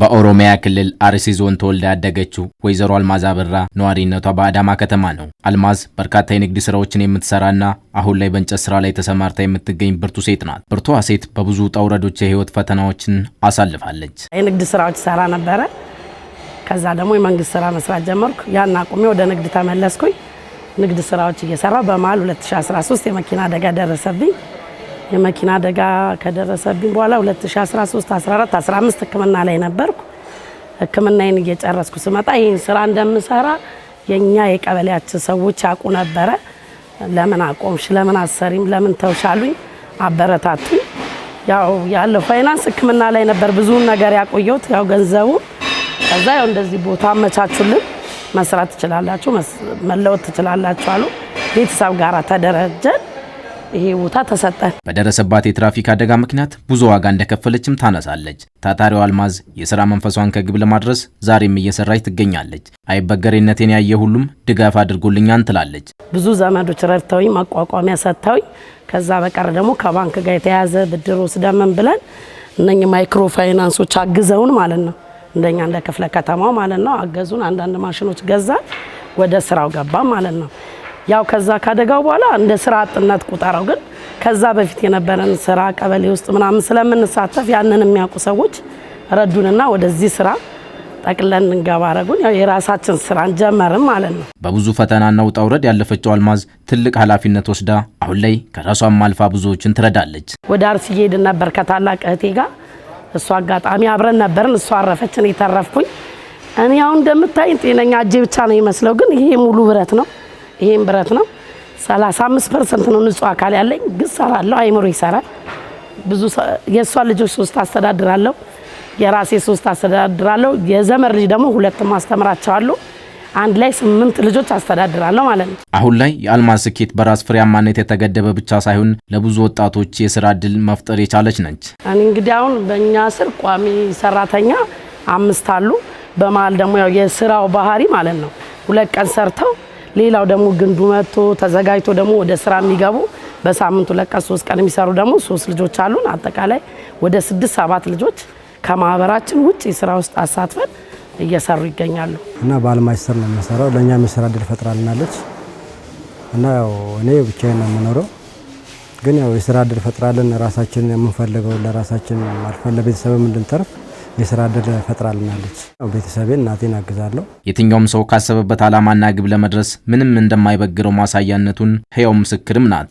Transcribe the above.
በኦሮሚያ ክልል አርሲ ዞን ተወልዳ ያደገችው ወይዘሮ አልማዝ አበራ ነዋሪነቷ በአዳማ ከተማ ነው። አልማዝ በርካታ የንግድ ስራዎችን የምትሰራና አሁን ላይ በእንጨት ስራ ላይ ተሰማርታ የምትገኝ ብርቱ ሴት ናት። ብርቷ ሴት በብዙ ውጣ ውረዶች የህይወት ፈተናዎችን አሳልፋለች። የንግድ ስራዎች ሰራ ነበረ። ከዛ ደግሞ የመንግስት ስራ መስራት ጀመርኩ። ያን አቁሜ ወደ ንግድ ተመለስኩኝ። ንግድ ስራዎች እየሰራው በመሀል 2013 የመኪና አደጋ ደረሰብኝ። የመኪና አደጋ ከደረሰብኝ በኋላ 2013፣ 14፣ 15 ህክምና ላይ ነበርኩ። ህክምናዬን እየጨረስኩ ስመጣ ይህን ስራ እንደምሰራ የእኛ የቀበሌያችን ሰዎች ያውቁ ነበረ። ለምን አቆምሽ፣ ለምን አሰሪም፣ ለምን ተውሻሉኝ፣ አበረታቱኝ። ያው ያለው ፋይናንስ ህክምና ላይ ነበር ብዙውን ነገር ያቆየሁት፣ ያው ገንዘቡ። ከዛ ያው እንደዚህ ቦታ አመቻቹልን፣ መስራት ትችላላችሁ፣ መለወጥ ትችላላችሁ አሉ። ቤተሰብ ጋር ተደረጀን። ይሄ ቦታ ተሰጠን። በደረሰባት የትራፊክ አደጋ ምክንያት ብዙ ዋጋ እንደከፈለችም ታነሳለች። ታታሪው አልማዝ የስራ መንፈሷን ከግብ ለማድረስ ዛሬም እየሰራች ትገኛለች። አይበገሬነቴን ያየ ሁሉም ድጋፍ አድርጎልኛን ትላለች። ብዙ ዘመዶች ረድተው ማቋቋሚያ ሰጥተው ከዛ በቀር ደግሞ ከባንክ ጋር የተያያዘ ብድር ወስደምን ብለን እነኝ ማይክሮ ፋይናንሶች አግዘውን ማለት ነው። እንደኛ እንደ ክፍለ ከተማው ማለት ነው አገዙን። አንዳንድ ማሽኖች ገዛን፣ ወደ ስራው ገባ ማለት ነው። ያው ከዛ ካደጋው በኋላ እንደ ስራ አጥነት ቁጠረው። ግን ከዛ በፊት የነበረን ስራ ቀበሌ ውስጥ ምናምን ስለምንሳተፍ ያንን የሚያውቁ ሰዎች ረዱንና ወደዚህ ስራ ጠቅለን እንገባ ረጉን ያው የራሳችን ስራ እንጀመርም ማለት ነው። በብዙ ፈተናና ውጣ ውረድ ያለፈችው አልማዝ ትልቅ ኃላፊነት ወስዳ አሁን ላይ ከራሷም አልፋ ብዙዎችን ትረዳለች። ወደ አርሲ እየሄድን ነበር ከታላቅ እህቴ ጋር። እሱ አጋጣሚ አብረን ነበርን። እሱ አረፈች፣ እኔ ተረፍኩኝ። እኔ አሁን እንደምታይ ጤነኛ እጄ ብቻ ነው ይመስለው፣ ግን ይሄ ሙሉ ብረት ነው። ይሄን ብረት ነው። 35 ፐርሰንት ነው ንጹህ አካል ያለኝ፣ ግን ሰራለሁ። አይምሮ ይሰራል። ብዙ የእሷን ልጆች ሶስት አስተዳድራለሁ፣ የራሴ ሶስት አስተዳድራለሁ። የዘመር ልጅ ደግሞ ሁለትም አስተምራቸዋለሁ። አንድ ላይ ስምንት ልጆች አስተዳድራለሁ ማለት ነው። አሁን ላይ የአልማዝ ስኬት በራስ ፍሬያማነት የተገደበ ብቻ ሳይሆን ለብዙ ወጣቶች የስራ እድል መፍጠር የቻለች ነች። እኔ እንግዲህ አሁን በእኛ ስር ቋሚ ሰራተኛ አምስት አሉ። በመሀል ደግሞ ያው የስራው ባህሪ ማለት ነው ሁለት ቀን ሰርተው ሌላው ደግሞ ግንዱ መጥቶ ተዘጋጅቶ ደግሞ ወደ ስራ የሚገቡ በሳምንቱ ለቀን ሶስት ቀን የሚሰሩ ደግሞ ሶስት ልጆች አሉን። አጠቃላይ ወደ ስድስት ሰባት ልጆች ከማህበራችን ውጭ ስራ ውስጥ አሳትፈን እየሰሩ ይገኛሉ። እና በአልማዝ ስር ነው የምንሰራው። ለእኛ የስራ እድል ፈጥራልናለች። እና ያው እኔ ብቻዬን ነው የምኖረው፣ ግን ያው የስራ እድል ፈጥራልን። ራሳችን የምንፈልገው ለራሳችን አልፈን ለቤተሰብም እንድንተርፍ የስራ እድል ፈጥራልናለች። ቤተሰቤን እናቴን አግዛለሁ። የትኛውም ሰው ካሰበበት ዓላማና ግብ ለመድረስ ምንም እንደማይበግረው ማሳያነቱን ሕያው ምስክርም ናት።